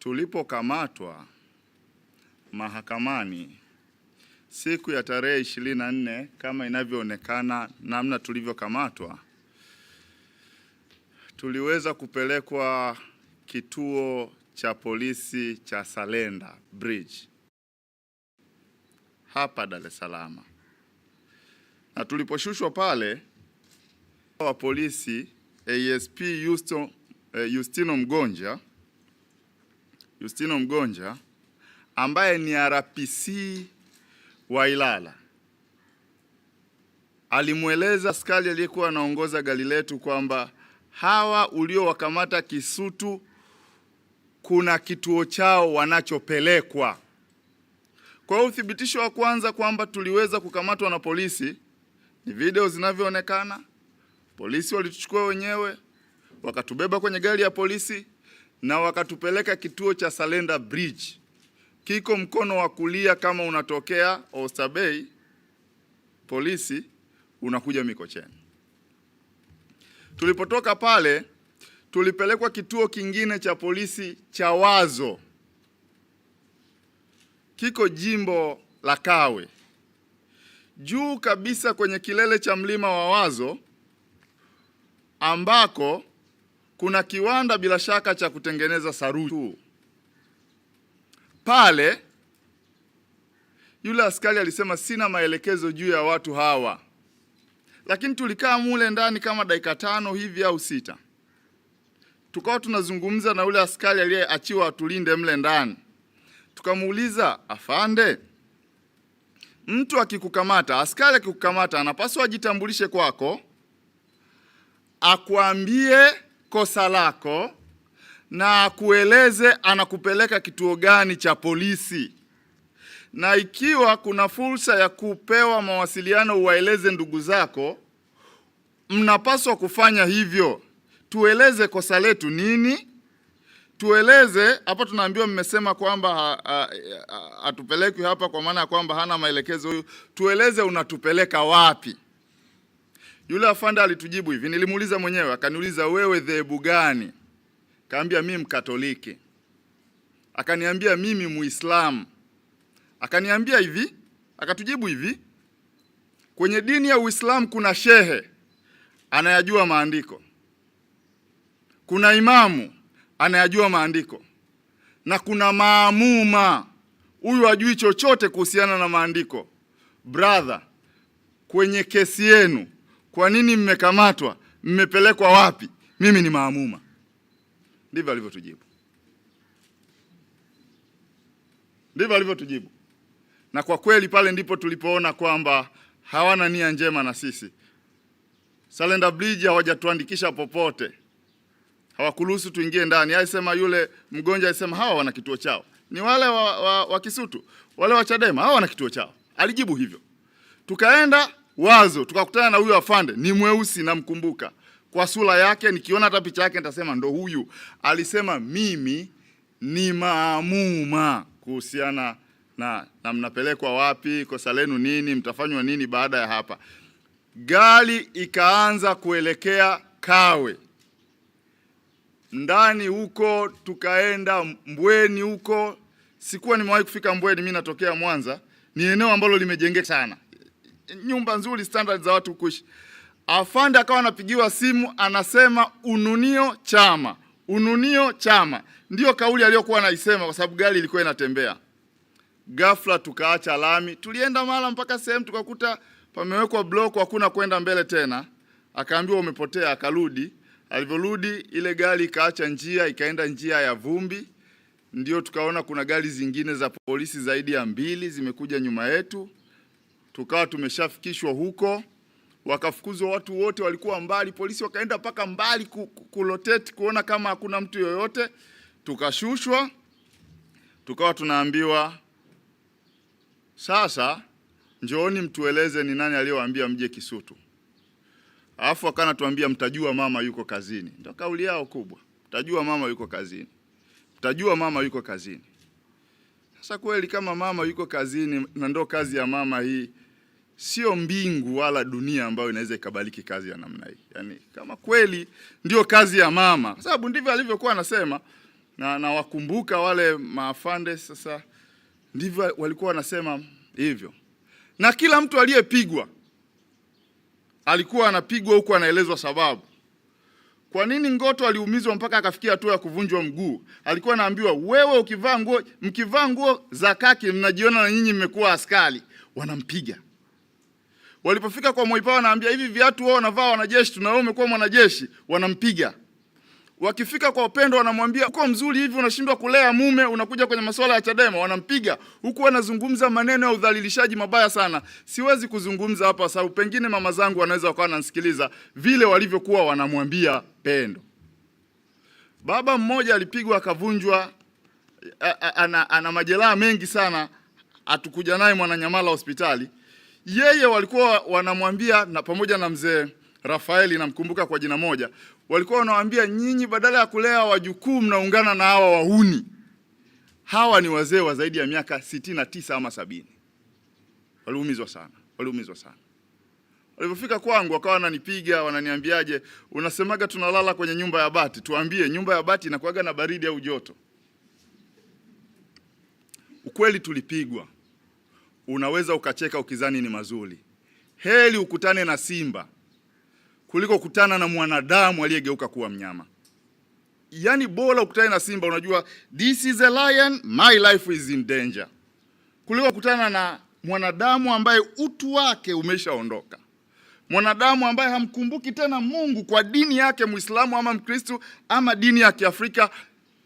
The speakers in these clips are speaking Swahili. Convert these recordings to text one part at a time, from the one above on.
Tulipokamatwa mahakamani siku ya tarehe ishirini na nne kama inavyoonekana namna tulivyokamatwa, tuliweza kupelekwa kituo cha polisi cha Salenda Bridge hapa Dar es Salaam, na tuliposhushwa pale wa polisi ASP Justino eh, Mgonja Justino Mgonja ambaye ni RPC wa Ilala alimweleza askari aliyekuwa anaongoza gari letu kwamba hawa uliowakamata Kisutu kuna kituo chao wanachopelekwa. Kwa hiyo uthibitisho wa kwanza kwamba tuliweza kukamatwa na polisi ni video zinavyoonekana. Polisi walituchukua wenyewe, wakatubeba kwenye gari ya polisi na wakatupeleka kituo cha Salenda Bridge, kiko mkono wa kulia kama unatokea Oysterbay polisi, unakuja Mikocheni. Tulipotoka pale, tulipelekwa kituo kingine cha polisi cha Wazo, kiko jimbo la Kawe. Juu kabisa kwenye kilele cha mlima wa Wazo ambako kuna kiwanda bila shaka cha kutengeneza saruji pale. Yule askari alisema sina maelekezo juu ya watu hawa, lakini tulikaa mule ndani kama dakika tano hivi au sita, tukawa tunazungumza na yule askari aliyeachiwa atulinde mle ndani. Tukamuuliza, afande, mtu akikukamata, askari akikukamata, anapaswa ajitambulishe kwako, akuambie kosa lako na akueleze anakupeleka kituo gani cha polisi, na ikiwa kuna fursa ya kupewa mawasiliano uwaeleze ndugu zako, mnapaswa kufanya hivyo. Tueleze kosa letu nini, tueleze hapa. Tunaambiwa mmesema kwamba hatupelekwi hapa, kwa maana ya kwamba hana maelekezo huyu. Tueleze unatupeleka wapi. Yule afanda alitujibu hivi, nilimuuliza mwenyewe, akaniuliza wewe dhehebu gani? Kaambia mimi Mkatoliki. Akaniambia mimi Muislamu. Akaniambia hivi, akatujibu hivi, kwenye dini ya Uislamu kuna shehe anayajua maandiko, kuna imamu anayajua maandiko, na kuna maamuma, huyu hajui chochote kuhusiana na maandiko. Brother, kwenye kesi yenu kwa nini mmekamatwa? Mmepelekwa wapi? Mimi ni maamuma. Ndivyo alivyotujibu, ndivyo alivyotujibu. Na kwa kweli pale ndipo tulipoona kwamba hawana nia njema na sisi. Selander Bridge hawajatuandikisha popote, hawakuruhusu tuingie ndani. Alisema yule mgonjwa, alisema hawa wana kituo chao, ni wale wa, wa, wa Kisutu, wale wa Chadema hawa wana kituo chao. Alijibu hivyo, tukaenda wazo, tukakutana na huyu afande, ni mweusi, namkumbuka kwa sura yake, nikiona hata picha yake nitasema ndo huyu. Alisema mimi ni maamuma kuhusiana na, na mnapelekwa wapi, kosa lenu nini, mtafanywa nini baada ya hapa. Gari ikaanza kuelekea Kawe ndani huko, tukaenda Mbweni huko. Sikuwa nimewahi kufika Mbweni, mimi natokea Mwanza. Ni eneo ambalo limejengeka sana nyumba nzuri, standard za watu kuishi. Afande akawa anapigiwa simu, anasema ununio chama, ununio chama, ndiyo kauli aliyokuwa anaisema, kwa sababu gari ilikuwa inatembea. Ghafla tukaacha lami, tulienda mara mpaka sehemu tukakuta pamewekwa block, hakuna kwenda mbele tena. Akaambiwa umepotea, akarudi. Alivyorudi ile gari ikaacha njia, ikaenda njia ya vumbi. Ndio tukaona kuna gari zingine za polisi zaidi ya mbili zimekuja nyuma yetu tukawa tumeshafikishwa huko, wakafukuzwa watu wote walikuwa mbali, polisi wakaenda mpaka mbali kulotete kuona kama hakuna mtu yoyote, tukashushwa, tukawa tunaambiwa sasa njooni mtueleze ni nani aliyowaambia mje Kisutu. Alafu akana tuambia mtajua mama yuko kazini. Ndio kauli yao kubwa. Mtajua mama yuko kazini. Mtajua mama yuko kazini. Sasa kweli kama mama yuko kazini na ndo kazi ya mama hii sio mbingu wala dunia ambayo inaweza ikabaliki kazi ya namna hii. Yaani kama kweli ndio kazi ya mama, kwa sababu ndivyo alivyokuwa anasema, na nawakumbuka wale maafande sasa, ndivyo walikuwa wanasema hivyo, na kila mtu aliyepigwa alikuwa anapigwa huku anaelezwa sababu. Kwa nini Ngoto aliumizwa mpaka akafikia hatua ya kuvunjwa mguu? Alikuwa anaambiwa wewe, ukivaa nguo, mkivaa nguo za kaki mnajiona na nyinyi mmekuwa askari, wanampiga Walipofika kwa Moipa wanaambia hivi viatu wao wanavaa wanajeshi, tuna umekuwa mwanajeshi, wanampiga. Wakifika kwa Upendo wanamwambia uko mzuri hivi unashindwa kulea mume, unakuja kwenye masuala ya Chadema, wanampiga. Huku wanazungumza maneno ya udhalilishaji mabaya sana. Siwezi kuzungumza hapa sababu pengine mama zangu wanaweza wakawa wanasikiliza vile walivyokuwa wanamwambia Pendo. Baba mmoja alipigwa akavunjwa, ana, ana majeraha mengi sana, atukuja naye Mwananyamala hospitali yeye walikuwa wanamwambia na pamoja na mzee Rafaeli namkumbuka kwa jina moja, walikuwa wanawaambia nyinyi, badala ya kulea wajukuu mnaungana na hawa wahuni. Hawa ni wazee wa zaidi ya miaka sitini na tisa ama sabini. Waliumizwa sana, waliumizwa sana. Walipofika kwangu wakawa wananipiga wananiambiaje, unasemaga tunalala kwenye nyumba ya bati, tuambie nyumba ya bati inakuwaga na baridi au joto? Ukweli tulipigwa unaweza ukacheka ukizani ni mazuri. heli ukutane na simba kuliko kutana na mwanadamu aliyegeuka kuwa mnyama. Yaani bora ukutane na simba, unajua this is a lion, my life is in danger, kuliko kutana na mwanadamu ambaye utu wake umeshaondoka, mwanadamu ambaye hamkumbuki tena Mungu kwa dini yake. Muislamu ama Mkristo ama dini ya Kiafrika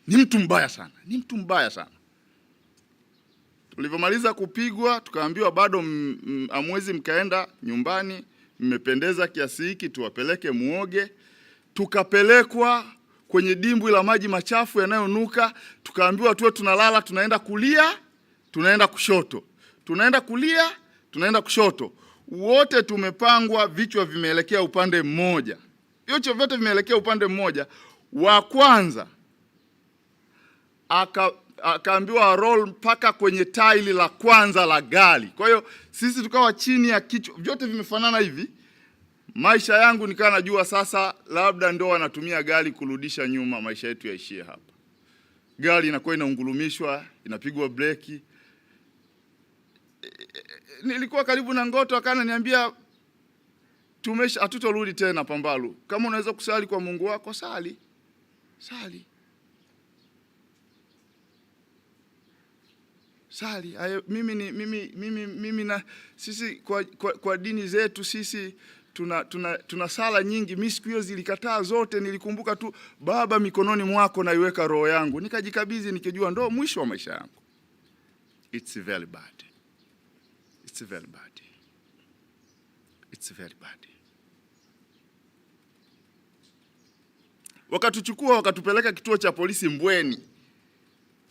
ni mtu mbaya sana, ni mtu mbaya sana. Tulivyomaliza kupigwa tukaambiwa bado amwezi mkaenda nyumbani, mmependeza kiasi hiki, tuwapeleke muoge. Tukapelekwa kwenye dimbwi la maji machafu yanayonuka, tukaambiwa tuwe tunalala, tunaenda kulia, tunaenda kushoto, tunaenda kulia, tunaenda kushoto. Wote tumepangwa, vichwa vimeelekea upande mmoja, vichwa vyote vimeelekea upande mmoja. Wa kwanza aka akaambiwa roll mpaka kwenye taili la kwanza la gari. Kwa hiyo sisi tukawa chini ya kichwa, vyote vimefanana hivi. Maisha yangu nikawa najua sasa, labda ndo wanatumia gari kurudisha nyuma, maisha yetu yaishie hapa. Gari inakuwa inaungulumishwa, inapigwa breki. E, e, e, nilikuwa karibu na Ngoto, niambia tumesha, hatutorudi tena Pambalu. Kama unaweza kusali kwa Mungu wako, sali sali. sali ayo, mimi ni mimi, mimi, mimi na sisi kwa, kwa, kwa dini zetu sisi tuna, tuna, tuna sala nyingi. Mimi siku hiyo zilikataa zote, nilikumbuka tu Baba, mikononi mwako naiweka roho yangu, nikajikabidhi nikijua ndo mwisho wa maisha yangu. It's very bad. It's very bad. It's very bad. Wakatuchukua wakatupeleka kituo cha polisi Mbweni.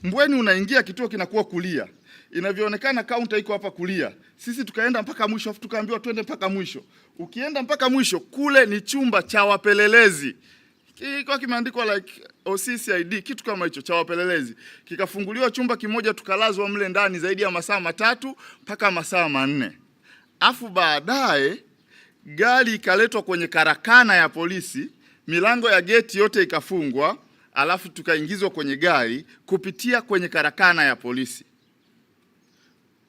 Mbweni unaingia kituo kinakuwa kulia, inavyoonekana kaunta iko hapa kulia. Sisi tukaenda mpaka mwisho, afu tukaambiwa twende mpaka mwisho. Ukienda mpaka mwisho kule ni chumba cha wapelelezi, kilikuwa kimeandikwa like OCCID kitu kama hicho cha wapelelezi. Kikafunguliwa chumba kimoja, tukalazwa mle ndani zaidi ya masaa matatu mpaka masaa manne, afu baadaye gari ikaletwa kwenye karakana ya polisi, milango ya geti yote ikafungwa alafu tukaingizwa kwenye gari kupitia kwenye karakana ya polisi.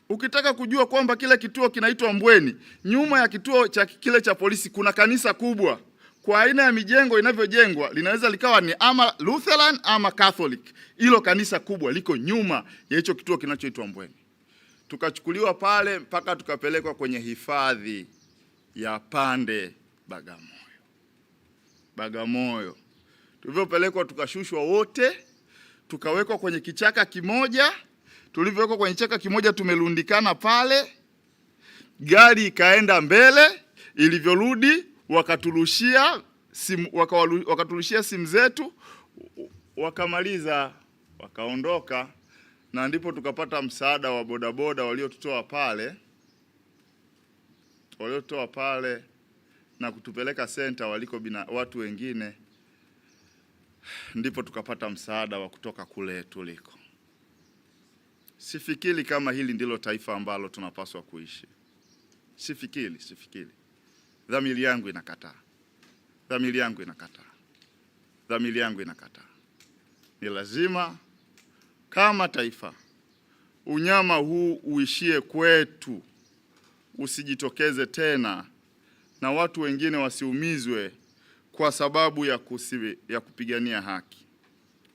Ukitaka kujua kwamba kile kituo kinaitwa Mbweni, nyuma ya kituo cha kile cha polisi kuna kanisa kubwa. Kwa aina ya mijengo inavyojengwa linaweza likawa ni ama Lutheran ama Catholic. Hilo kanisa kubwa liko nyuma ya hicho kituo kinachoitwa Mbweni. Tukachukuliwa pale mpaka tukapelekwa kwenye hifadhi ya Pande Bagamoyo. Bagamoyo tulivyopelekwa tukashushwa wote, tukawekwa kwenye kichaka kimoja. Tulivyowekwa kwenye kichaka kimoja, tumerundikana pale, gari ikaenda mbele, ilivyorudi wakatulushia simu, wakatulushia simu zetu, wakamaliza wakaondoka, na ndipo tukapata msaada wa bodaboda waliotutoa pale, waliotoa pale na kutupeleka senta waliko bina, watu wengine ndipo tukapata msaada wa kutoka kule tuliko. Sifikiri kama hili ndilo taifa ambalo tunapaswa kuishi. Sifikiri, sifikiri. Dhamiri yangu inakataa, dhamiri yangu inakataa, dhamiri yangu inakataa. Ni lazima kama taifa unyama huu uishie kwetu, usijitokeze tena na watu wengine wasiumizwe kwa sababu ya, kusiwe, ya kupigania haki.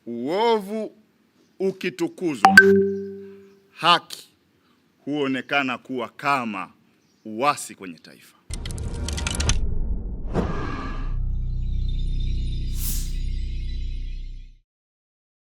Uovu ukitukuzwa, haki huonekana kuwa kama uasi kwenye taifa.